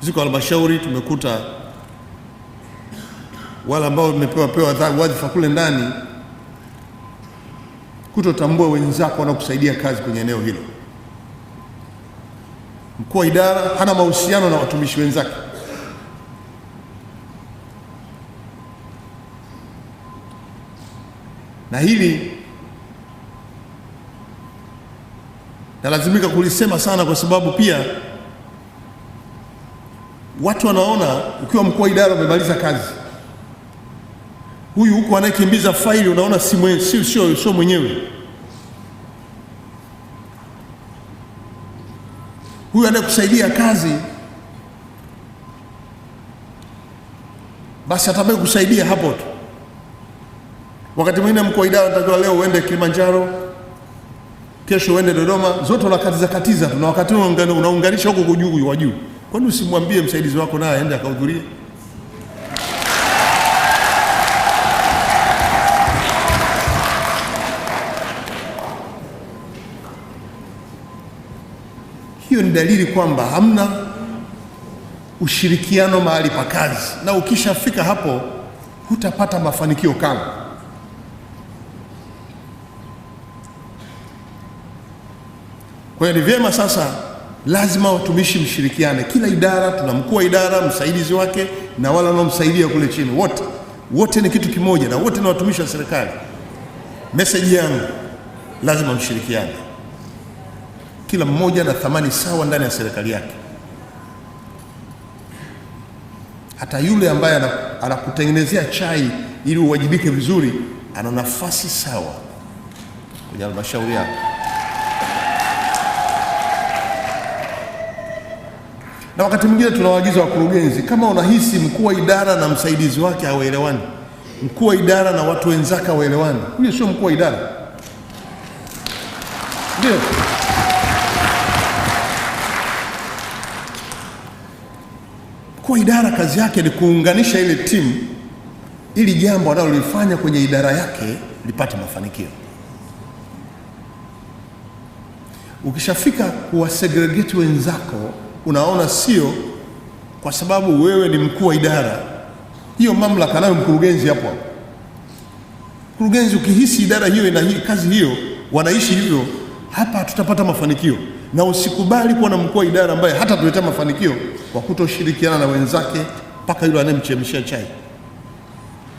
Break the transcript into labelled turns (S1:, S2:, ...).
S1: ziko halmashauri tumekuta wale ambao mmepewa pewa wadhifa kule ndani kutotambua wenzako wanaokusaidia kazi kwenye eneo hilo. Mkuu wa idara hana mahusiano na watumishi wenzake. Na hili nalazimika kulisema sana kwa sababu pia Watu wanaona ukiwa mkuu wa idara umemaliza kazi, huyu huku anayekimbiza faili unaona sio si, si, si mwenyewe. Huyu anayekusaidia kazi basi atabaki kusaidia hapo tu. Wakati mwingine mkuu wa idara anatakiwa leo uende Kilimanjaro, kesho uende Dodoma, zote unakatiza katiza tu, na wakati unaunganisha huko juu wa juu. Kwani usimwambie msaidizi wako naye aende akahudhurie? Hiyo ni dalili kwamba hamna ushirikiano mahali pa kazi, na ukishafika hapo hutapata mafanikio kama kwa hiyo ni vyema sasa lazima watumishi mshirikiane, kila idara tuna mkuu wa idara, msaidizi wake na wale wanaomsaidia kule chini, wote wote ni kitu kimoja na wote ni watumishi wa serikali. Meseji yangu, lazima mshirikiane, kila mmoja na thamani sawa ndani ya serikali yake. Hata yule ambaye anakutengenezea chai ili uwajibike vizuri, ana nafasi sawa kwenye halmashauri yako. Na wakati mwingine tunawaagiza wakurugenzi, kama unahisi mkuu wa idara na msaidizi wake hawaelewani, mkuu wa idara na watu wenzake hawaelewani, huyo sio mkuu wa idara. Ndio mkuu wa idara, kazi yake ni kuunganisha ile timu ili jambo analolifanya kwenye idara yake lipate mafanikio. Ukishafika kuwasegregeti wenzako unaona sio kwa sababu wewe ni mkuu wa idara hiyo, mamlaka nayo mkurugenzi hapo hapo. Mkurugenzi ukihisi idara hiyo ina kazi hiyo, wanaishi hivyo, hapa tutapata mafanikio. Na usikubali kuwa na mkuu wa idara ambaye hata tuletea mafanikio kwa kutoshirikiana na wenzake, mpaka yule anayemchemshia chai